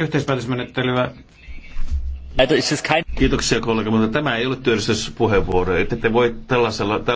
yhteispäätösmenettelyä. Kiitoksia kollega, mutta tämä ei ole työllisyyspuheenvuoro. Ette voi tällaisella